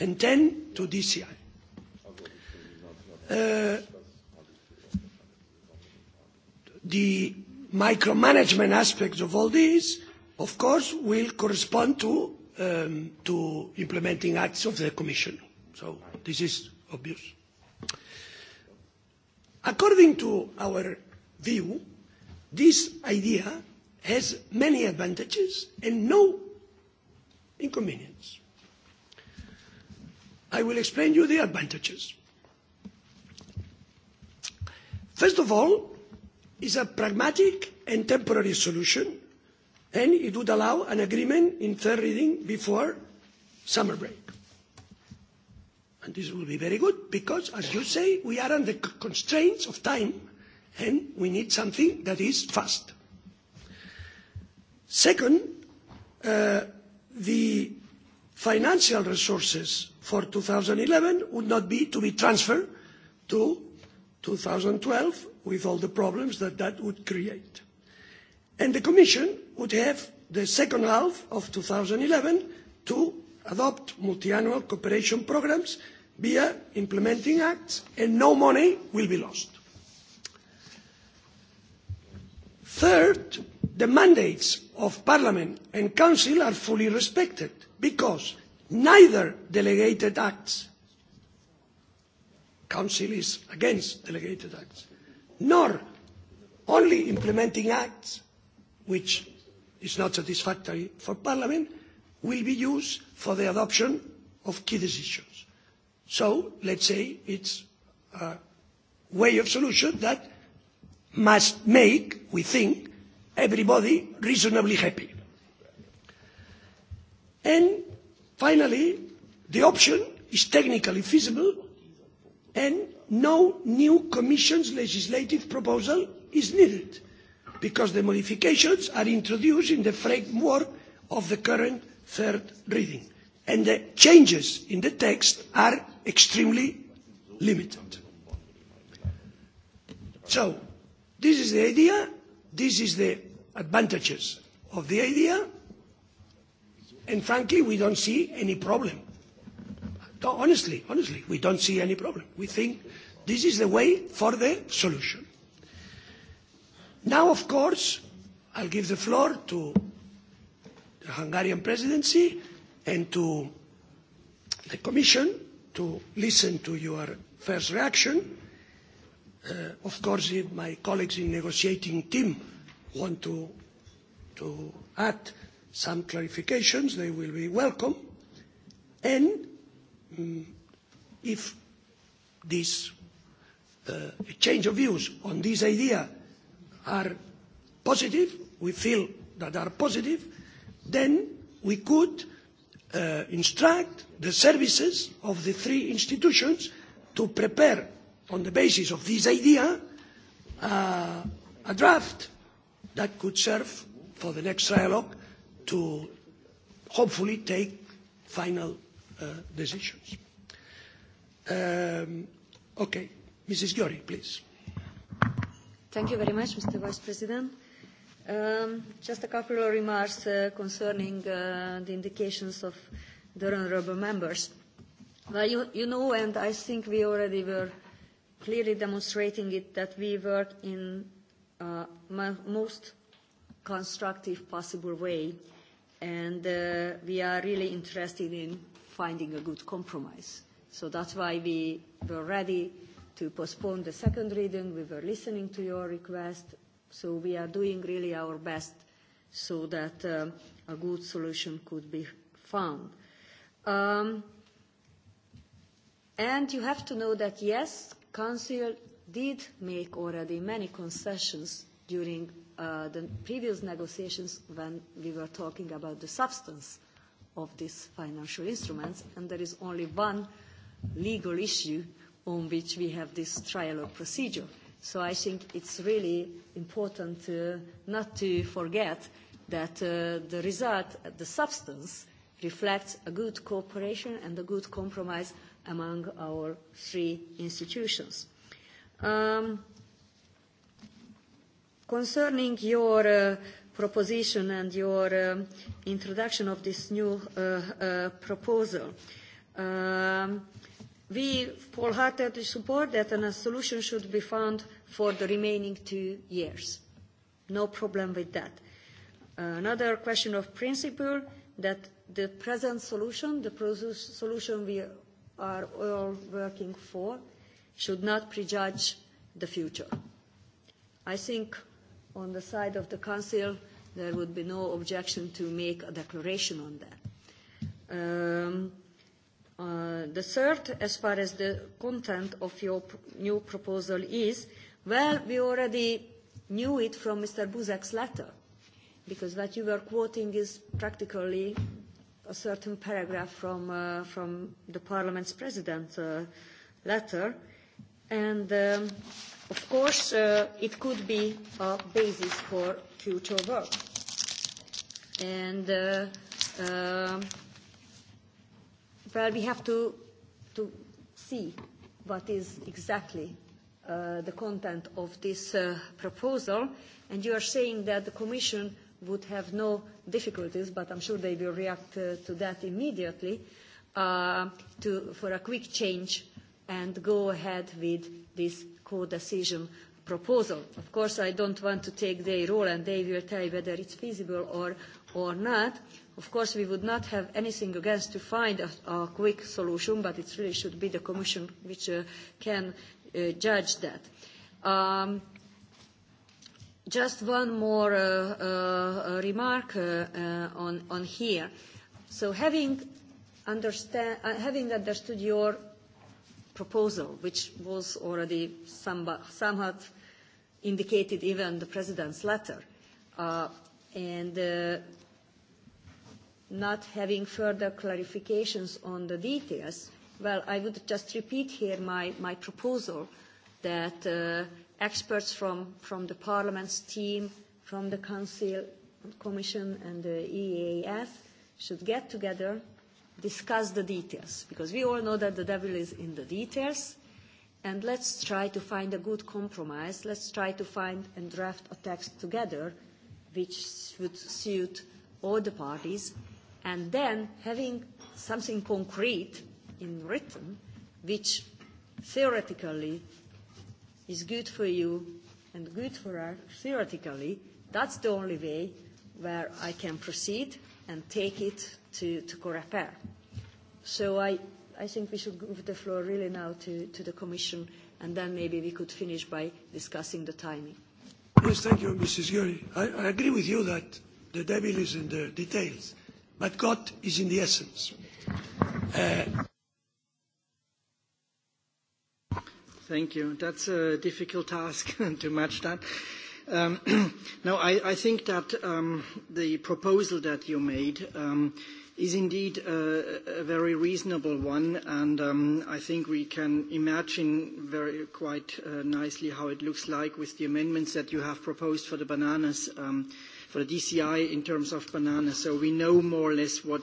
and ten to dci. Uh, the micromanagement aspects of all this of course will correspond to, um, to implementing acts of the commission so this is obvious. according to our view this idea has many advantages and no inconvenience. I will explain you the advantages. First of all, is a pragmatic and temporary solution, and it would allow an agreement in third reading before summer break. And this will be very good because, as you say, we are under constraints of time and we need something that is fast. Second, uh, the financial resources for 2011 would not be to be transferred to 2012 with all the problems that that would create. And the Commission would have the second half of 2011 to adopt multiannual cooperation programmes via implementing acts and no money will be lost. third the mandates of parliament and council are fully respected because neither delegated acts council is against delegated acts nor only implementing acts which is not satisfactory for parliament will be used for the adoption of key decisions. so let us say it is a way of solution that must make we think everybody reasonably happy. and finally the option is technically feasible and no new commission legislative proposal is needed because the modifications are introduced in the framework of the current third reading and the changes in the text are extremely limited. so This is the idea. This is the advantages of the idea. And frankly, we don't see any problem. honestly, honestly, we don't see any problem. We think this is the way for the solution. Now, of course, I'll give the floor to the Hungarian presidency and to the Commission to listen to your first reaction Uh, of course, if my colleagues in negotiating team want to, to add some clarifications, they will be welcome. And um, if this uh, change of views on this idea are positive, we feel that are positive, then we could uh, instruct the services of the three institutions to prepare on the basis of this idea uh, a draft that could serve for the next trilogue to hopefully take final uh, decisions. Um, okay, Mrs. Giori, please. Thank you very much, Mr. Vice President. Um, just a couple of remarks uh, concerning uh, the indications of the honourable members. Well, you, you know, and I think we already were clearly demonstrating it that we work in uh, most constructive possible way and uh, we are really interested in finding a good compromise. So that's why we were ready to postpone the second reading. We were listening to your request. So we are doing really our best so that um, a good solution could be found. Um, and you have to know that, yes, Council did make already many concessions during uh, the previous negotiations when we were talking about the substance of these financial instruments, and there is only one legal issue on which we have this trialogue procedure. So I think it's really important uh, not to forget that uh, the result, the substance, reflects a good cooperation and a good compromise among our three institutions. Um, concerning your uh, proposition and your uh, introduction of this new uh, uh, proposal, um, we wholeheartedly support that a solution should be found for the remaining two years. No problem with that. Another question of principle that the present solution, the solution we are all working for should not prejudge the future. I think on the side of the Council there would be no objection to make a declaration on that. Um, uh, the third, as far as the content of your pr new proposal is, well, we already knew it from Mr. Buzek's letter, because what you were quoting is practically a certain paragraph from, uh, from the Parliament's President uh, letter. And um, of course, uh, it could be a basis for future work. And uh, uh, well, we have to, to see what is exactly uh, the content of this uh, proposal. And you are saying that the Commission would have no difficulties, but I'm sure they will react uh, to that immediately, uh, to, for a quick change and go ahead with this co-decision proposal. Of course, I don't want to take their role and they will tell whether it's feasible or, or not. Of course, we would not have anything against to find a, a quick solution, but it really should be the Commission which uh, can uh, judge that. Um, Just one more uh, uh, remark uh, uh, on, on here. So having, understand, uh, having understood your proposal, which was already some, somewhat indicated even the President's letter, uh, and uh, not having further clarifications on the details, well, I would just repeat here my, my proposal that uh, experts from, from the Parliament's team, from the Council, Commission and the EEAS should get together, discuss the details, because we all know that the devil is in the details, and let's try to find a good compromise. Let's try to find and draft a text together which would suit all the parties, and then having something concrete in written which theoretically is good for you and good for us theoretically, that's the only way where I can proceed and take it to, to Coreper. So I, I think we should give the floor really now to, to the Commission, and then maybe we could finish by discussing the timing. Yes, thank you, Mrs. Gyuri. I, I agree with you that the devil is in the details, but God is in the essence. Uh, thank you. That's a difficult task to match that. Um, no, I, I think that um, the proposal that you made um, is indeed a, a very reasonable one, and um, I think we can imagine very quite uh, nicely how it looks like with the amendments that you have proposed for the bananas, um, for the DCI in terms of bananas. So we know more or less what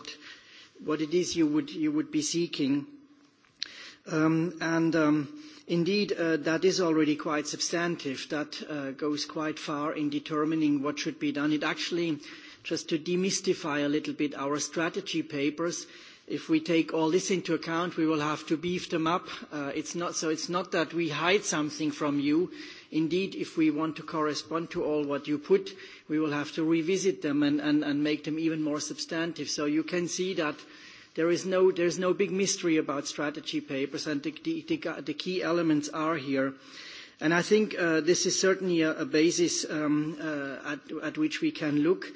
what it is you would you would be seeking, um, and. Um, Indeed, uh, that is already quite substantive. That uh, goes quite far in determining what should be done. It actually, just to demystify a little bit our strategy papers, if we take all this into account, we will have to beef them up. Uh, it's not, so it's not that we hide something from you. Indeed, if we want to correspond to all what you put, we will have to revisit them and, and, and make them even more substantive. So you can see that There is no, there's no big mystery about strategy papers, and the, key elements are here. And I think uh, this is certainly a, basis um, uh, at, which we can look.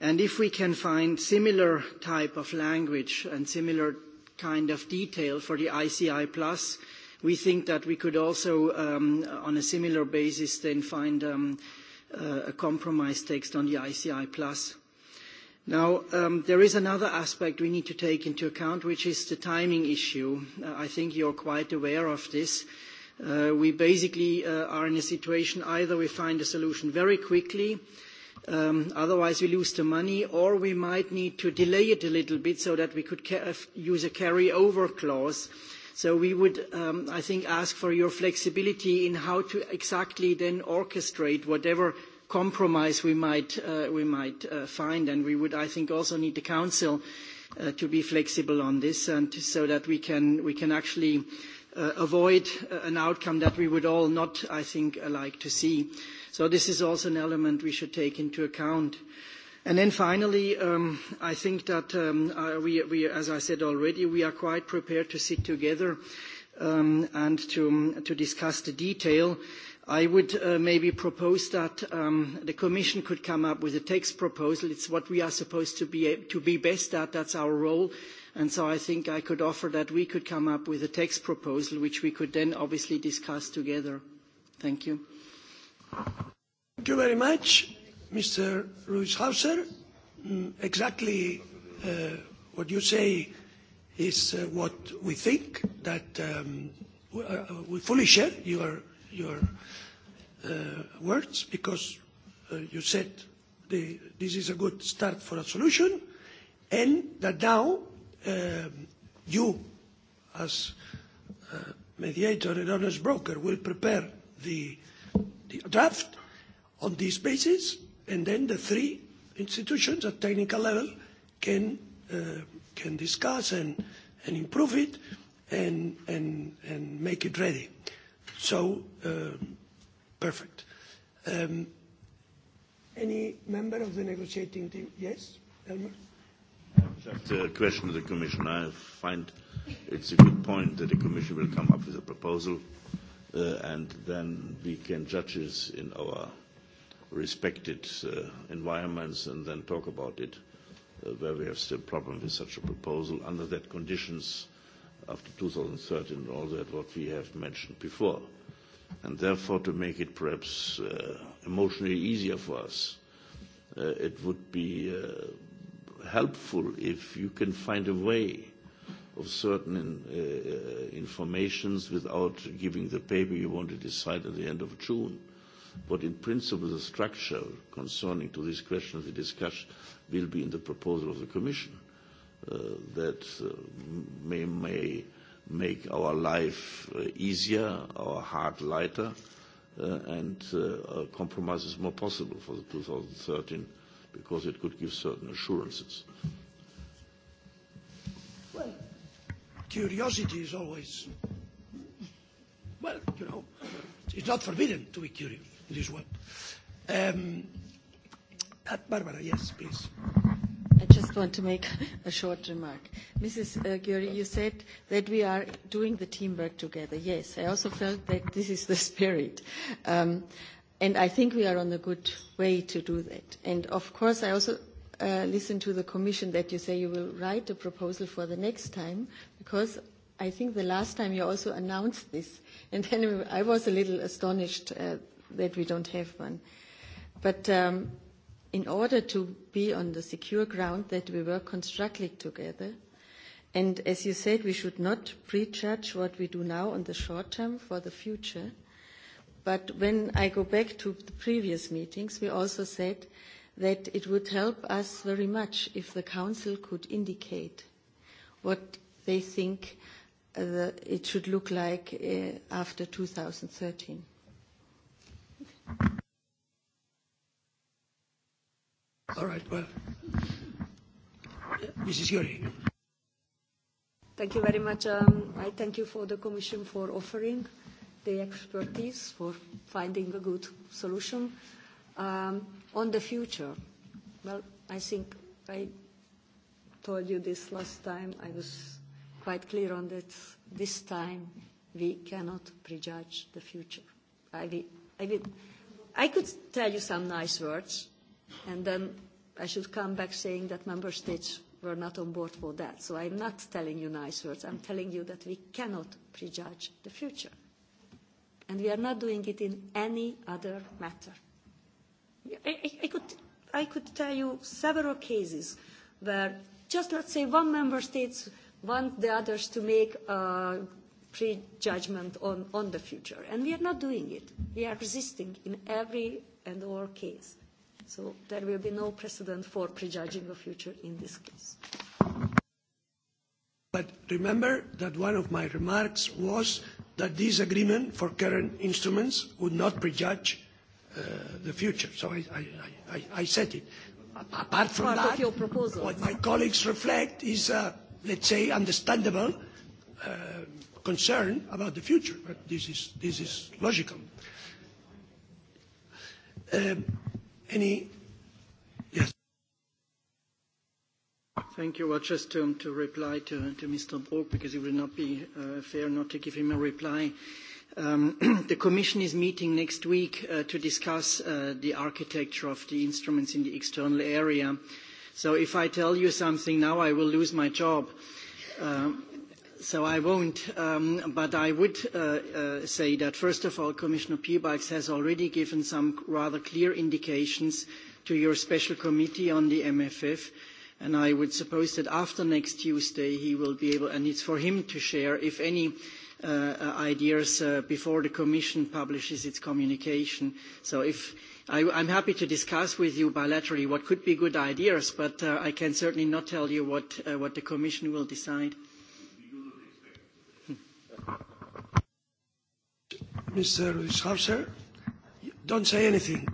And if we can find similar type of language and similar kind of detail for the ICI Plus, we think that we could also, um, on a similar basis, then find um, uh, a compromise text on the ICI Plus. Now, um, there is another aspect we need to take into account, which is the timing issue. Uh, I think you're quite aware of this. Uh, we basically uh, are in a situation either we find a solution very quickly, um, otherwise we lose the money, or we might need to delay it a little bit so that we could uh, use a carryover clause. So we would, um, I think, ask for your flexibility in how to exactly then orchestrate whatever compromise we might, uh, we might uh, find. And we would, I think, also need the Council uh, to be flexible on this and to, so that we can, we can actually uh, avoid uh, an outcome that we would all not, I think, uh, like to see. So this is also an element we should take into account. And then finally, um, I think that um, we, we, as I said already, we are quite prepared to sit together um, and to, to discuss the detail. I would uh, maybe propose that um, the Commission could come up with a text proposal. It's what we are supposed to be, to be best at. That's our role. And so I think I could offer that we could come up with a text proposal, which we could then obviously discuss together. Thank you. Thank you very much, Mr. Ruizhauser. Mm, exactly uh, what you say is uh, what we think, that um, uh, we fully share your your uh, words because uh, you said the, this is a good start for a solution and that now um, you as uh, mediator and honest broker will prepare the, the draft on this basis and then the three institutions at technical level can, uh, can discuss and, and improve it and, and, and make it ready So, uh, perfect. Um, any member of the negotiating team? Yes, Elmer? Just a question to the Commission. I find it's a good point that the Commission will come up with a proposal, uh, and then we can judge it in our respected uh, environments and then talk about it uh, where we have still problem with such a proposal. Under that conditions, after 2013 and all that what we have mentioned before. And therefore, to make it perhaps uh, emotionally easier for us, uh, it would be uh, helpful if you can find a way of certain in, uh, uh informations without giving the paper you want to decide at the end of June. But in principle, the structure concerning to these questions, the discussion will be in the proposal of the Commission Uh, that uh, may, may make our life uh, easier, our heart lighter, uh, and uh, uh, compromise is more possible for the 2013 because it could give certain assurances. Well, curiosity is always, well, you know, it's not forbidden to be curious in this world. Um, Barbara, yes, please. I just want to make a short remark. Mrs. Uh, Gyuri, you said that we are doing the teamwork together. Yes, I also felt that this is the spirit. Um, and I think we are on a good way to do that. And of course, I also uh, listen to the Commission that you say you will write a proposal for the next time, because I think the last time you also announced this. And then I was a little astonished uh, that we don't have one. But... Um, in order to be on the secure ground that we work constructively together. And as you said, we should not prejudge what we do now in the short term for the future. But when I go back to the previous meetings, we also said that it would help us very much if the Council could indicate what they think uh, the, it should look like uh, after 2013 All right, well, Mrs. Yuri. Thank you very much. Um, I thank you for the Commission for offering the expertise for finding a good solution. Um, on the future, well, I think I told you this last time. I was quite clear on that. This time, we cannot prejudge the future. I, will, I, will, I could tell you some nice words, And then I should come back saying that member states were not on board for that. So I'm not telling you nice words. I'm telling you that we cannot prejudge the future. And we are not doing it in any other matter. I, I, I, could, I could tell you several cases where just let's say one member state wants the others to make a prejudgment on, on the future. And we are not doing it. We are resisting in every and all cases. So there will be no precedent for prejudging the future in this case. But remember that one of my remarks was that this agreement for current instruments would not prejudge uh, the future. So I, I, I, I said it. Apart from Part that, your what my colleagues reflect is, uh, let's say, understandable uh, concern about the future. But this is, this is logical. Um, Any? Yes. Thank you. Well, just um, to reply to, to Mr. Brok, because it would not be uh, fair not to give him a reply. Um, the Commission is meeting next week uh, to discuss uh, the architecture of the instruments in the external area. So if I tell you something now, I will lose my job. Um, so I won't, um, but I would uh, uh, say that, first of all, Commissioner Piebalgs has already given some rather clear indications to your special committee on the MFF, and I would suppose that after next Tuesday he will be able, and it's for him to share, if any uh, uh ideas uh, before the Commission publishes its communication. So if I, I'm happy to discuss with you bilaterally what could be good ideas, but uh, I can certainly not tell you what, what the Commission will decide. Mr. Schauser, don't say anything.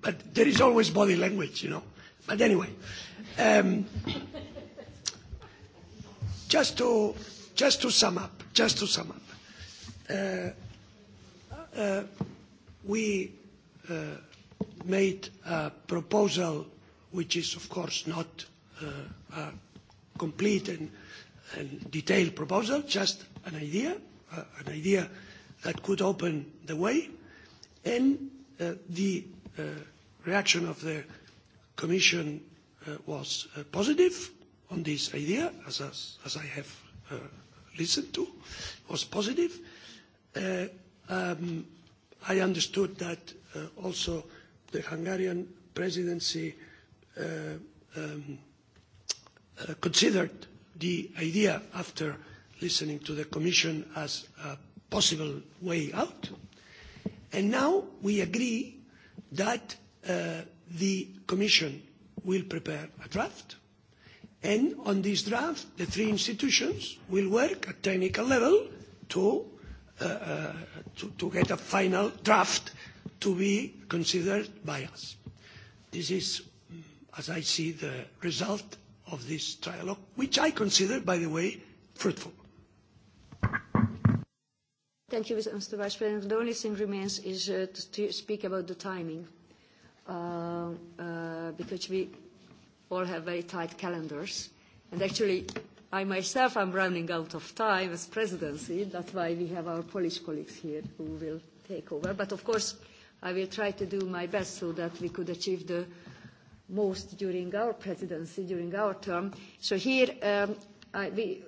But there is always body language, you know. But anyway, um, just to just to sum up, just to sum up, uh, uh, we uh, made a proposal which is, of course, not uh, a complete and, and detailed proposal, just an idea, uh, an idea that could open the way, and uh, the uh, reaction of the Commission uh, was uh, positive on this idea, as, as, as I have uh, listened to, was positive. Uh, um, I understood that uh, also the Hungarian presidency uh, um, uh, considered the idea after listening to the Commission as a possible way out. And now we agree that uh, the Commission will prepare a draft, and on this draft, the three institutions will work at technical level to, uh, uh, to, to get a final draft to be considered by us. This is, mm, as I see, the result of this trialogue, which I consider, by the way, fruitful. Thank you, Mr. Vice President. The only thing remains is uh, to, to speak about the timing, uh, uh, because we all have very tight calendars. And actually, I myself am running out of time as presidency. That's why we have our Polish colleagues here who will take over. But of course, I will try to do my best so that we could achieve the most during our presidency, during our term. So here, um, I, we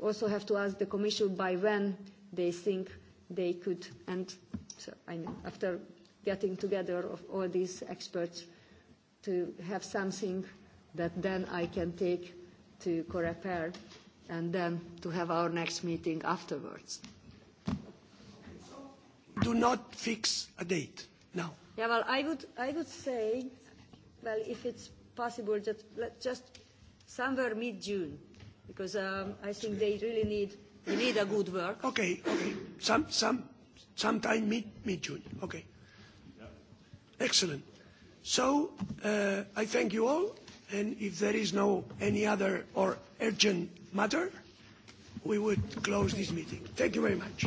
also have to ask the Commission by when they think they could. And so, I mean, after getting together of all these experts to have something that then I can take to Corepair and then to have our next meeting afterwards. Do not fix a date now. Yeah, well, I would, I would say, well, if it's possible, just, just somewhere mid-June, because um, I think they really need We need a good work. Okay, okay. Some, some, sometime mid, mid-June. Okay. Excellent. So uh, I thank you all. And if there is no any other or urgent matter, we would close this meeting. Thank you very much.